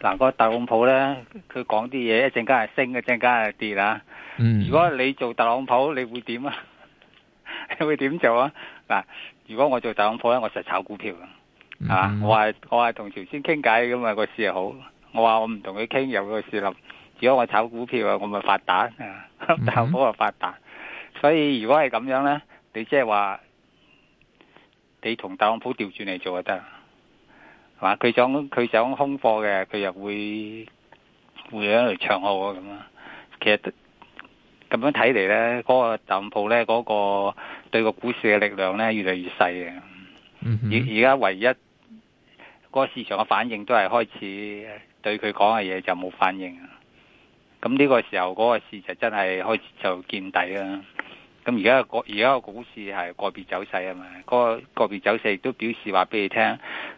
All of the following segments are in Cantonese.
嗱，個特朗普咧，佢講啲嘢，一陣間係升，一陣間係跌啊！如果你做特朗普，你會點啊？ 你會點做啊？嗱，如果我做特朗普咧，我實炒股票噶，係我係我係同朝鮮傾偈咁啊，個市又好。我話我唔同佢傾，有個事啦。如果我炒股票啊，我咪發達啊！Mm hmm. 特朗普啊發達。所以如果係咁樣咧，你即係話，你同特朗普調轉嚟做就得。話佢想佢想空貨嘅，佢又會會喺度唱好啊咁啊。其實咁樣睇嚟，咧，嗰個淡鋪咧，嗰個對個股市嘅力量咧，越嚟越細啊。而而家唯一嗰個市場嘅反應都係開始對佢講嘅嘢，就冇反應啊。咁呢個時候嗰個市值真係開始就見底啦。咁而家個股市係個別走勢啊嘛，個個別走勢都表示話俾你聽，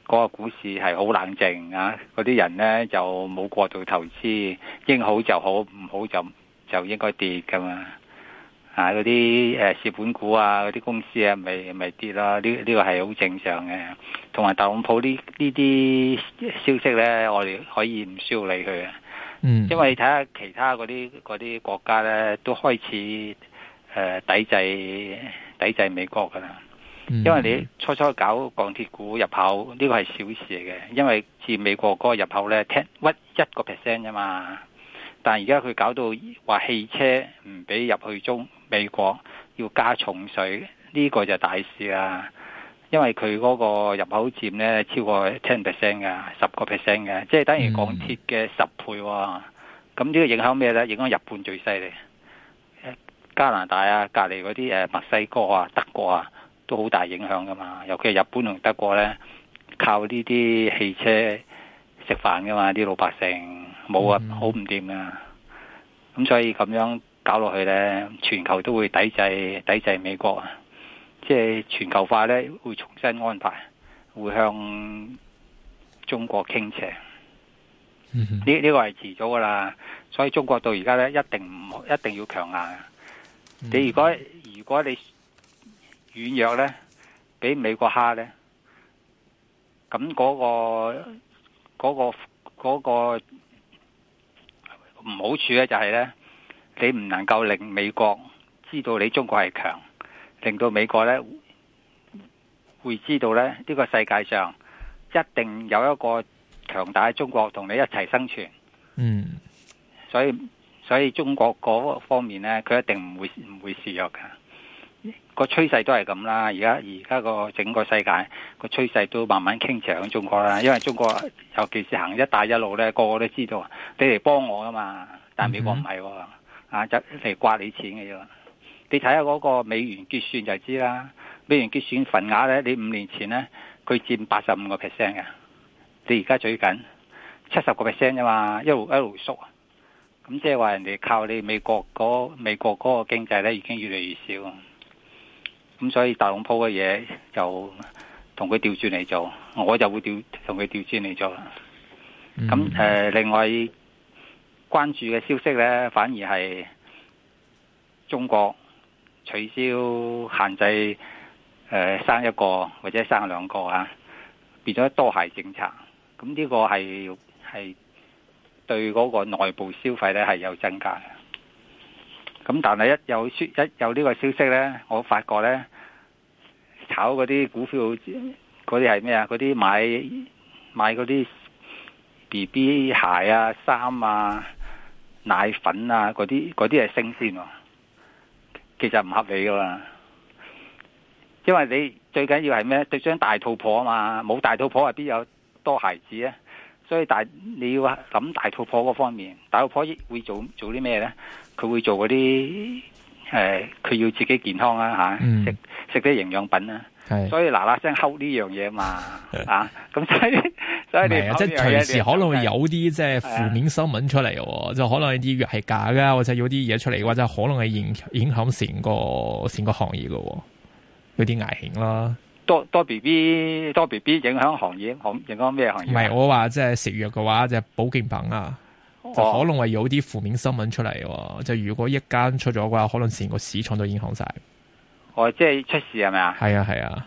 嗰個股市係好冷靜啊，嗰啲人咧就冇過度投資，應好就好，唔好就就應該跌噶嘛嗰啲。啊，嗰啲誒蝕本股啊，嗰啲公司啊，咪咪、啊、跌啦，呢、呢、呢個係好、呢個、正常嘅。同埋特朗普呢呢啲消息咧，我哋可以唔需要理佢啊，嗯，因為你睇下其他嗰啲啲國家咧都開始。誒、呃，抵制抵制美國噶啦，嗯、因為你初初搞鋼鐵股入口呢，這個係小事嚟嘅，因為自美國嗰個入口咧 ten 屈一個 percent 咋嘛？但係而家佢搞到話汽車唔俾入去中美國，要加重稅，呢，這個就大事啦。因為佢嗰個入口佔咧超過 ten percent 噶，十個 percent 嘅，即係等於鋼鐵嘅十倍，哦。咁呢、嗯、個影響咩咧？影響日本最犀利。加拿大啊，隔籬嗰啲誒墨西哥啊、德國啊，都好大影響噶嘛。尤其係日本同德國呢，靠呢啲汽車食飯噶嘛，啲老百姓冇啊，好唔掂啊。咁所以咁樣搞落去呢，全球都會抵制抵制美國啊，即係全球化呢，會重新安排，會向中國傾斜。呢呢、 呢個係遲早噶啦，所以中國到而家呢，一定唔一定要強硬。你如果如果你軟弱呢，俾美國蝦呢，咁嗰個嗰個嗰個唔好處呢，就係呢：你唔能夠令美國知道你中國係強，令到美國呢會知道呢，呢個世界上一定有一個強大嘅中國同你一齊生存。嗯，所以。所以中國嗰方面呢，佢一定唔會唔會示弱噶，個趨勢都係咁啦。而家而家個整個世界個趨勢都慢慢傾斜向中國啦。因為中國尤其是行一帶一路呢，個個都知道你嚟幫我噶嘛，但係美國唔係，哦，mm hmm. 啊，就嚟刮你錢嘅啫。你睇下嗰個美元結算就知啦，美元結算份額呢，你五年前呢，佢佔八十五個 percent 嘅，你而家最近七十個 percent 咋嘛，一路一路縮。咁即係話人哋靠你美國嗰美國嗰個經濟咧，已經越嚟越少，咁所以特朗普嘅嘢就同佢調轉嚟做，我就會調同佢調轉嚟做。咁誒、mm hmm. 呃，另外關注嘅消息咧，反而係中國取消限制誒、呃、生一個或者生兩個啊，變咗多孩政策。咁呢個係係。對嗰個內部消費咧係有增加嘅，咁但係一有一有呢個消息咧，我發覺咧，炒嗰啲股票嗰啲係咩啊？嗰啲買買嗰啲 BB 鞋啊、衫啊、奶粉啊，嗰啲嗰啲係升先，其實唔合理噶啦，因為你最緊要係咩？對張大肚婆啊嘛，冇大肚婆啊，邊有多孩子啊？所以大你要諗大肚婆嗰方面，大肚婆會做做啲咩咧？佢會做嗰啲誒，佢、呃、要自己健康啊吓，食食啲營養品啊。品嗯、所以嗱嗱聲 hold 呢樣嘢嘛，是的 啊咁所以是的 所以你即係隨時可能會有啲即係負面新聞出嚟，是的 就可能有啲藥係假㗎，或者有啲嘢出嚟嘅話，就可能係影影響成個成個行業嘅，有啲危險啦。.多多 B B 多 B B，影響行業，影響咩行業？唔係，我話即係食藥嘅話，就係保健品啊，oh. 就可能係有啲負面新聞出嚟喎。就如果一間出咗嘅話，可能成個市場都影響晒。哦，oh, 即係出事係咪啊？係啊，係啊。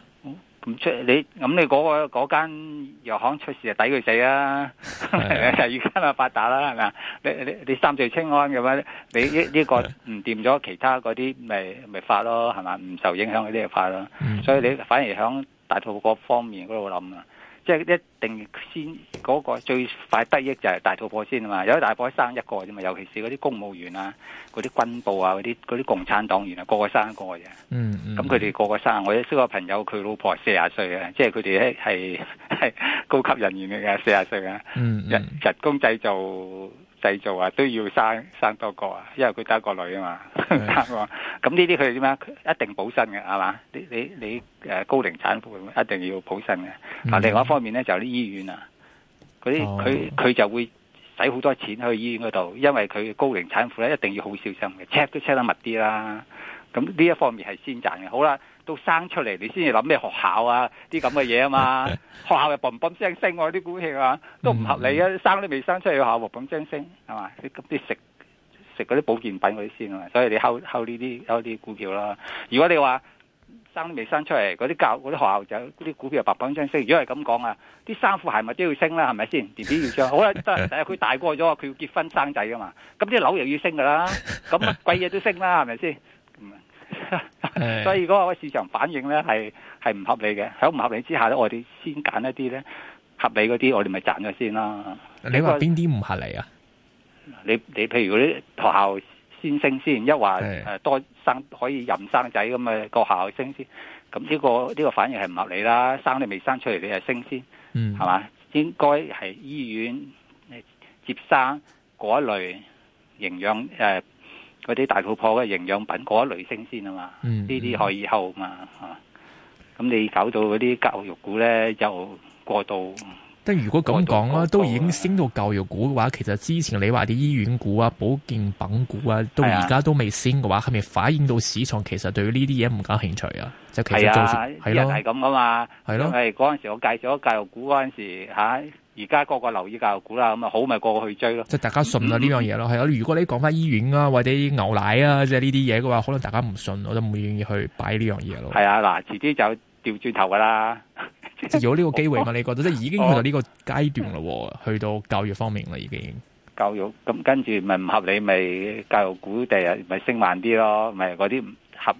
咁出你咁你嗰、那個嗰間藥行出事就抵佢死啦， 現在，就而家咪發達啦，係咪啊？你你你三聚氰胺咁樣，你呢呢、這個唔掂咗其他嗰啲，咪咪發咯，係嘛？唔受影響嗰啲就發咯，所以你反而響大肚嗰方面嗰度諗啊。即係一定先嗰、嗰個最快得益就係大肚婆先啊嘛，有啲大婆生一個啫嘛，尤其是嗰啲公務員啊、嗰啲軍部啊、嗰啲啲共產黨員啊，個個生一個嘅、嗯。嗯嗯。咁佢哋個個生，我有識個朋友，佢老婆四十歲啊，即係佢哋咧係係高級人員嚟嘅，四十歲啊。嗯嗯日。人工製造。製造啊都要生生多個啊，因為佢得個女啊嘛。咁呢啲佢點樣？一定補身嘅係嘛？你你你、呃、高齡產婦一定要補身嘅。嗱，嗯、另外一方面咧就啲、係、醫院啊，啲佢佢就會使好多錢去醫院嗰度，因為佢高齡產婦咧一定要好小心嘅，check 都 check 得密啲啦。咁呢一方面係先賺嘅。好啦。到生出嚟，你先至諗咩學校啊，啲咁嘅嘢啊嘛， 學校又嘭嘭聲升啊，我啲股票啊都唔合理啊！ 生都未生出嚟，學校嘭嘭聲升，係嘛？咁啲食食嗰啲保健品嗰啲先啊，所以你收收呢啲收啲股票啦。如果你話生都未生出嚟，嗰啲教啲學校就啲股票又嘭嘭聲升。如果係咁講啊，啲衫褲鞋咪都要升啦，係咪先？BB 要漲？好啦，但係佢大個咗，佢要結婚生仔噶嘛？咁啲樓又要升噶啦，咁乜鬼嘢都升啦，係咪先？ 所以嗰個市場反應咧係係唔合理嘅，喺唔合理之下咧，我哋先揀一啲咧合理嗰啲，我哋咪賺咗先啦、這個。你話邊啲唔合理啊？你你譬如嗰啲學校先升先，一話誒多生可以任生仔咁嘅、那個、學校升先，咁呢、這個呢、這個反應係唔合理啦。生你未生出嚟，你係升、嗯、先，係嘛？應該係醫院接生嗰類營養誒。呃嗰啲大富婆嘅營養品嗰一類升先啊嘛，呢啲可以後嘛嚇。咁、嗯嗯啊、你搞到嗰啲教育股咧又過度。即係如果咁講啦，一個一個都已經升到教育股嘅話，其實之前你話啲醫院股啊、保健品股啊，現在都而家都未升嘅話，係咪、啊、反映到市場其實對呢啲嘢唔感興趣啊？就其實做住係咯，係咁噶嘛，係咯，係嗰陣時我介紹咗教育股嗰陣時而家個個留意教育股啦，咁啊好咪個個去追咯。即係大家信啊呢樣嘢咯，係啊、嗯。如果你講翻醫院啊或者牛奶啊，即係呢啲嘢嘅話，可能大家唔信，我就唔會願意去擺呢樣嘢咯。係啊，嗱，遲啲就掉轉頭噶啦。即 有呢個機會嘛？你覺得即係已經去到呢個階段咯，哦哦、去到教育方面啦已經。教育咁跟住咪唔合理咪教育股第日咪升慢啲咯，咪嗰啲合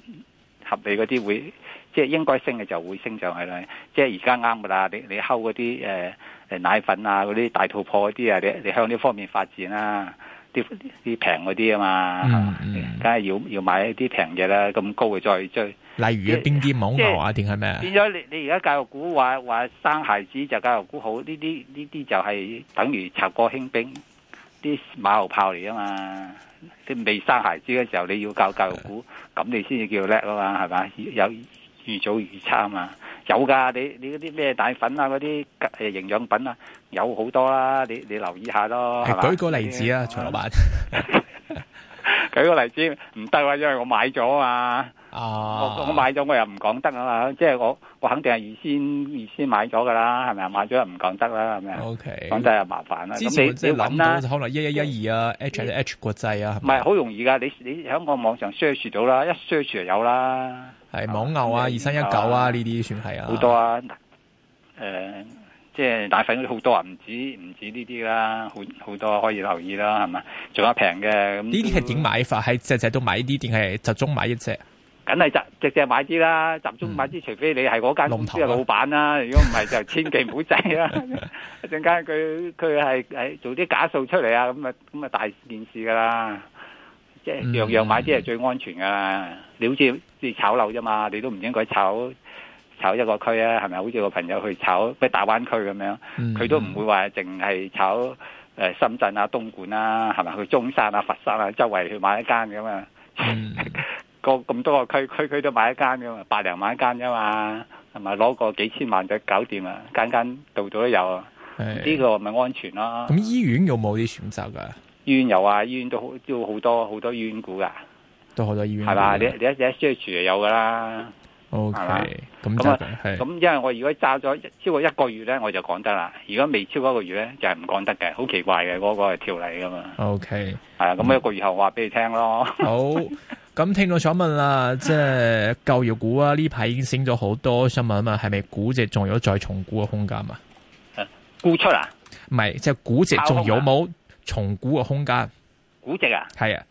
合理嗰啲會即應該升嘅就會升上去啦。即而家啱噶啦，你你嗰啲誒奶粉啊，嗰啲大肚婆嗰啲啊，你你向呢方面發展啦、啊，啲啲平嗰啲啊嘛，梗係、嗯嗯、要要買一啲平嘢啦，咁高嘅再追。例如邊啲網紅啊，定係咩啊？是變咗你你而家教育股話話生孩子就教育股好，呢啲呢啲就係等於插過輕兵，啲馬後炮嚟啊嘛。啲未生孩子嘅時候你要教教育股，咁的你先至叫叻啊嘛，係咪？有預早預測啊嘛。有噶，你你嗰啲咩奶粉啊，嗰啲誒營養品啊，有好多啦，你你留意下咯，係嘛？舉個例子啊，徐老闆，舉個例子唔得啊，因為我買咗啊，我我買咗我又唔講得啊嘛，即係我我肯定係預先預先買咗噶啦，係咪啊？買咗又唔講得啦，係咪？O K，講得又麻煩啦。咁你你諗到就可能一一一二啊，HLH 國際啊，唔係好容易噶，你你喺個網上 search 到啦，一 search 就有啦。係蒙牛啊，啊二三一九啊，呢啲算係啊，好、啊、多啊，誒、呃，即係奶粉好多啊，唔止唔止呢啲啦，好好多可以留意啦，係嘛？仲有平嘅，咁呢啲係點買法？係隻隻都買呢啲，定係集中買一隻？梗係集隻隻買啲啦，集中買啲，嗯、除非你係嗰間公司嘅老闆啦、啊，如果唔係就千祈唔好制啦。一陣間佢佢係誒做啲假數出嚟啊，咁啊咁啊大件事噶啦，即係樣樣買啲係最安全噶。嗯嗯你好似即係炒樓啫嘛，你都唔應該炒炒一個區啊，係咪？好似個朋友去炒咩大灣區咁樣，佢、嗯、都唔會話淨係炒誒、呃、深圳啊、東莞啊，係咪？去中山啊、佛山啊周圍去買一間咁嘛。個咁、嗯、 多個區區區都買一間噶嘛，百零萬一間啫嘛，係咪攞個幾千萬就搞掂啊，間間度度都有，呢是個咪安全咯。咁醫院有冇啲選擇㗎？醫院有啊，醫院都都好多好多醫院股㗎。都好多醫院係啦，你你一你一追住有噶啦，係咪？OK，咁啊，係咁，因為我如果揸咗超過一個月咧，我就講得啦。如果未超過一個月咧，就係唔講得嘅，好奇怪嘅嗰個條例噶嘛。OK，係啊，咁一個月後話俾你聽咯。好，咁聽到想問啦，即係教育股啊，呢排已經升咗好多，想問啊嘛，係咪估值仲有再重估嘅空間啊？估出啊？唔係，即係估值仲有冇重估嘅空間？估值啊？係啊。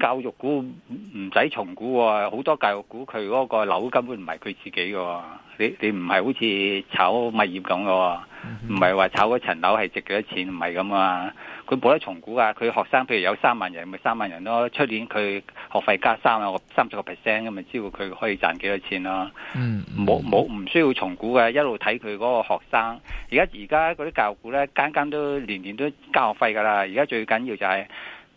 教育股唔使重估喎。哦，好多教育股佢嗰個樓根本唔係佢自己嘅。哦，你你唔係好似炒物業咁嘅。哦，唔係話炒嗰層樓係值幾多錢，唔係咁啊。佢冇得重估啊，佢學生譬如有三萬人，咪三萬人咯。哦。出年佢學費加三啊三十個 percent 咁，咪知道佢可以賺幾多錢咯。嗯。嗯，冇冇唔需要重估嘅，一路睇佢嗰個學生。而家而家嗰啲教育股咧，間間都年年都交學費噶啦。而家最緊要就係。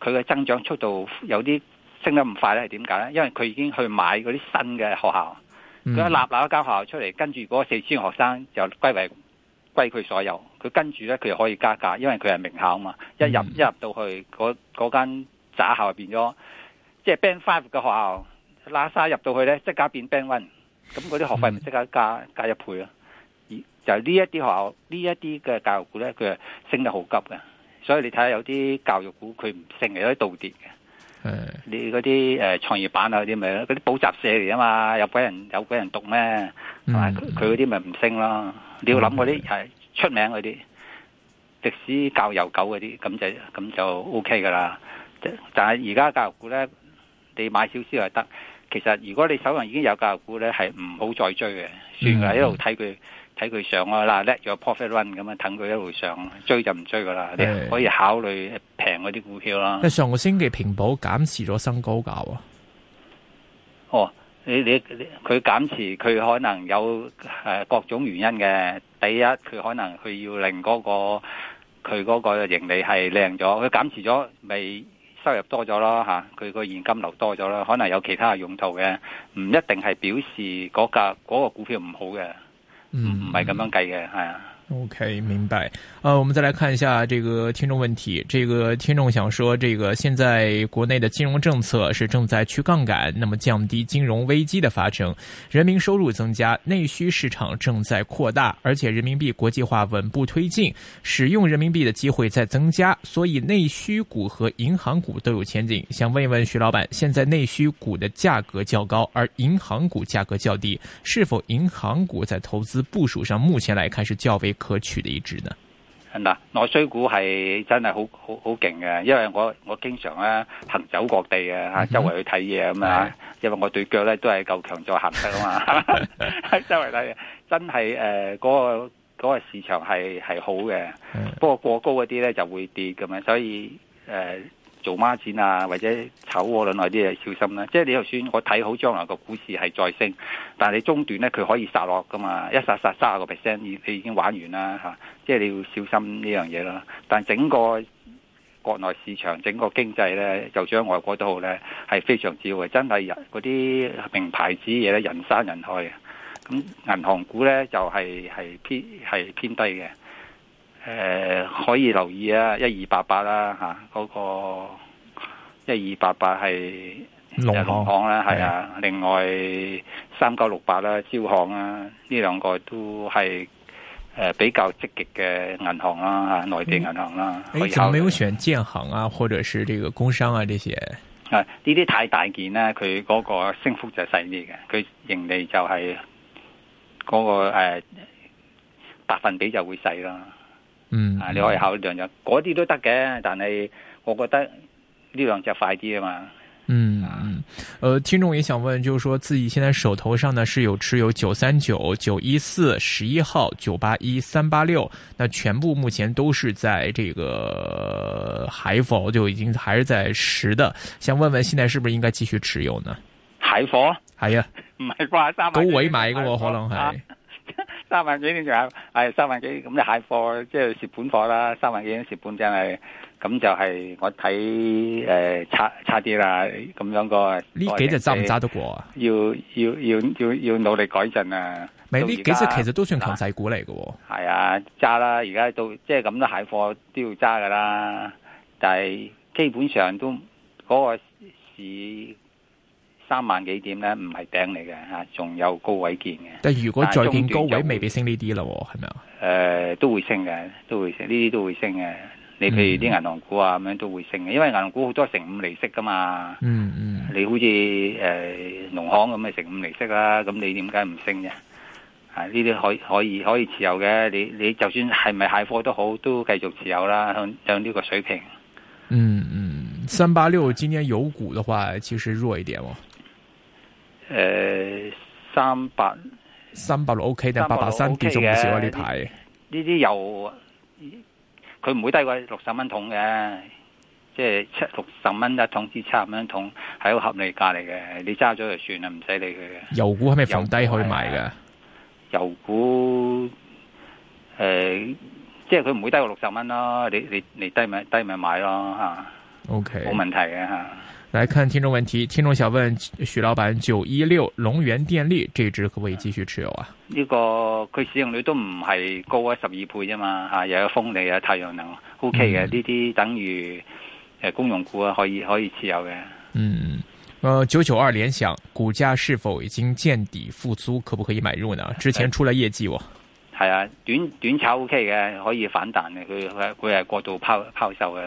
佢嘅增長速度有啲升得唔快咧，係點解咧？因為佢已經去買嗰啲新嘅學校，佢一立立一間學校出嚟，跟住嗰四千學生就歸為歸佢所有。佢跟住咧，佢又可以加價，因為佢係名校啊嘛。一入一入到去嗰間渣校變咗，即係 Band Five 嘅學校，拉沙入到去咧，即刻變 Band One，咁嗰啲學費咪即刻加加一倍咯？而就係呢一啲學校，呢一啲嘅教育股咧，佢升得好急嘅。所以你睇下有啲教育股佢唔升，有啲倒跌嘅。是你嗰啲、呃、創業板啊啲咩嗰啲補習社嚟啊嘛，有鬼人有鬼人讀咩？同埋佢嗰啲咪唔升咯。你要諗嗰啲係出名嗰啲，是歷史較悠久嗰啲，咁就咁就 O K 噶啦。但係而家教育股咧，你買少少就得。其實如果你手上已經有教育股咧，係唔好再追嘅，算啦，嗯、一路睇佢。睇佢上啦，let 咗 profit run 咁啊，等佢一路上，追就唔追噶啦，你可以考慮平嗰啲股票啦。即係上個星期平保減持咗新高價喎。哦，你你佢減持佢可能有誒各種原因嘅。第一，佢可能佢要令嗰個佢嗰個盈利係靚咗，佢減持咗咪收入多咗咯吓，佢個現金流多咗啦，可能有其他用途嘅，唔一定係表示嗰價嗰個股票唔好嘅。唔唔係咁樣計嘅，係啊。OK，明白。呃，我們再來看一下這個聽眾問題。這個聽眾想說，這個現在國內的金融政策是正在去槓桿，那麼降低金融危機的發生，人民收入增加，內需市場正在擴大，而且人民幣國際化穩步推進，使用人民幣的機會在增加，所以內需股和銀行股都有前景。想問一問徐老闆，現在內需股的價格較高，而銀行股價格較低，是否銀行股在投資部署上目前來看是較為？可取的一支呢？嗱，內需股係真係好好好勁嘅，因為我我經常咧行走各地嘅吓，周圍去睇嘢咁啊，mm hmm. 因為我對腳咧都係夠強壯行得啊嘛， 周圍睇嘅，真係誒嗰個、嗰個市場係係好嘅，不過、mm hmm. 過高嗰啲咧就會跌咁樣，所以誒。呃做孖展啊，或者炒窩輪嗰啲嘢，小心啦、啊！即係你就算我睇好將來個股市係再升，但係你中段咧，佢可以殺落噶嘛？一殺殺卅個 percent，已你已經玩完啦吓、啊！即係你要小心呢樣嘢啦。但整個國內市場，整個經濟咧，就將外國都好咧係非常之好，真係人嗰啲名牌子嘢咧，人山人海啊！咁銀行股咧就係、是、係偏係偏低嘅。誒、呃，可以留意啊！一二八八啦，吓、啊、嗰、那個一二八八係農行啦，係王啊。啊另外三九六八啦，招行啦、啊，呢兩個都係誒、呃、比較積極嘅銀行啦，吓、啊、內地銀行啦，嗯、可以考慮。誒，怎麼沒有選建行啊，或者是這個工商啊這些？啊，呢啲太大件啦、啊，佢嗰個升幅就細啲嘅，佢盈利就係、是、嗰、那個誒、呃、百分比就會細啦。嗯，啊、嗯，你可以考慮兩隻，嗰啲都得嘅，但係我覺得呢兩隻快啲啊嘛。嗯嗯，呃，聽眾也想問，就是說自己現在手頭上呢是有持有九三九、九一四、十一號、九八一、三八六，那全部目前都是在這個、呃、海否就已經還是在十的，想問問現在是不是應該繼續持有呢？海否？係佛啊，唔係掛三百，高位買嘅，可能係。三萬幾點仲有，係三萬幾咁你蟹貨，即係蝕本貨啦。三萬幾蝕本真係，咁就係我睇誒、呃、差差啲啦，咁樣個呢幾隻揸唔揸得過啊？要要要要要努力改進啊！咪呢幾隻其實都算強勢股嚟嘅。係啊，揸啦、啊！而家到即係咁多蟹貨都要揸噶啦，但係基本上都嗰、嗰個市。三萬幾點咧？唔係頂嚟嘅吓，仲有高位見嘅。但係如果再見高位，高位未必升呢啲咯，係咪啊？誒、呃，都會升嘅，都會升，呢啲都會升嘅。你譬、嗯、如啲銀行股啊咁樣都會升嘅，因為銀行股好多成五厘息噶嘛。嗯嗯，嗯你好似誒農行咁嘅成五厘息啦，咁你點解唔升嘅？啊，呢啲可可以可以持有嘅。你你就算係咪蟹貨都好，都繼續持有啦。響響呢個水平。嗯嗯，三八六今年有股嘅話，其實弱一點哦。誒、呃，三百三百六 OK 定八百三跌咗少啊？呢排呢啲油，佢唔會低過六十蚊桶嘅，即係七六十蚊一桶至七十蚊一桶係一個合理價嚟嘅。你揸咗就算啦，唔使理佢嘅。油股係咪逢低可以買噶？油股誒、呃，即係佢唔會低過六十蚊咯。你你你低咪低咪買咯吓。O K，冇問題嘅吓。來看聽眾問題，聽眾想問徐老闆：九一六龍源電力這支可唔可以繼續持有啊？呢、這個佢市盈率都唔係高啊，十二倍啫嘛，吓又有風力啊，有太陽能，OK 嘅呢啲等於誒、呃、公用股啊，可以可以持有嘅。嗯，誒九九二聯想股價是否已經見底復蘇，可不可以買入呢？之前出咗業績喎、哦。係、呃、啊，短短炒 OK 嘅，可以反彈嘅，佢佢係過度拋拋售嘅。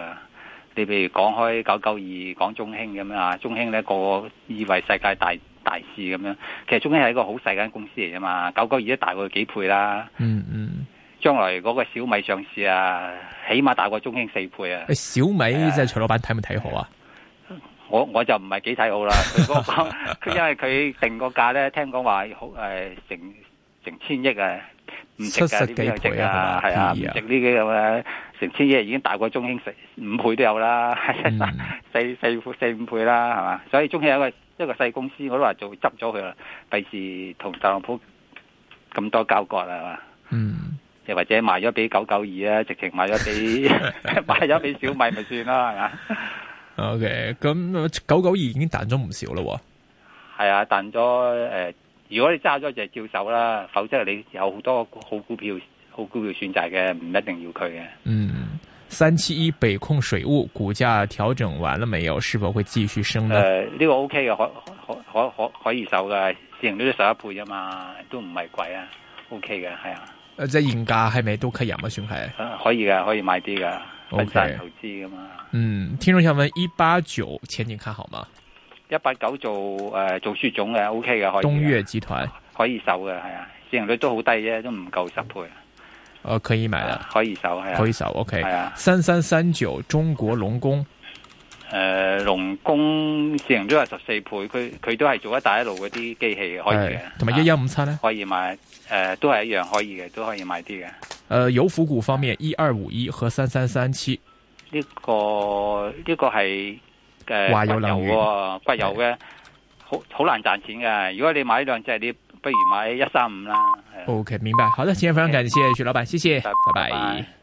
你譬如講開九九二講中興咁樣啊，中興咧個，個以為世界大大市咁樣，其實中興係一個好細間公司嚟噶嘛，九九二都大過幾倍啦。嗯嗯，將、嗯、來嗰個小米上市啊，起碼大過中興四倍啊。小米即係徐老闆睇唔睇好啊？呃、我我就唔係幾睇好啦，因為佢定個價咧，聽講話好誒成成千億啊，唔值噶呢啲咁嘅嘢啊，係啊，唔值呢啲咁嘅，成千億已經大過中興成五倍都有啦，四四四五倍啦，係嘛。所以中興有一個一個細公司，我都話做執咗佢啦。費事同特朗普咁多交割係嘛。嗯，又或者賣咗俾九九二啊，直情賣咗俾賣咗俾小米咪算啦，係嘛？O K，咁九九二已經彈咗唔少咯喎。係啊，彈咗誒。如果你揸咗就照守啦，否則你有好多好股票，好股票選擇嘅，唔一定要佢嘅。嗯，三七一北控水務股價調整完了沒有？是否會繼續升呢？誒、呃，呢、這個 O K 嘅，可可可可可以守嘅，市盈率都十一倍啊嘛，都唔係貴啊，O K 嘅係啊。誒、呃，即係現價係咪都吸引啊？算係、啊。可以嘅，可以買啲噶，分散投資噶嘛。Okay. 嗯，聽眾想問一八九前景看好嗎？一八九做誒、呃、做雪種嘅 O K 嘅可以，東岳集團可以收嘅係啊，市盈率都好低啫，都唔夠十倍。哦，可以買啊，可以收係啊，可以收 O K 係啊。三三三九中國龍工，誒，龍工市盈率係十四倍，佢佢都係做一帶一路嗰啲機器嘅，可以嘅。同埋一一五七咧，可以買誒，都係一樣可以嘅，都可以買啲嘅。誒、呃，油股方面一二五一和三三三七，呢、這個呢、這個係。誒、呃，有、呃、油的、油的、骨油嘅，好好難賺錢嘅。如果你買呢兩隻，你不如買一三五啦。O、okay, K，明白。好的，今天非常感謝徐老闆，的謝謝，拜拜。拜拜拜拜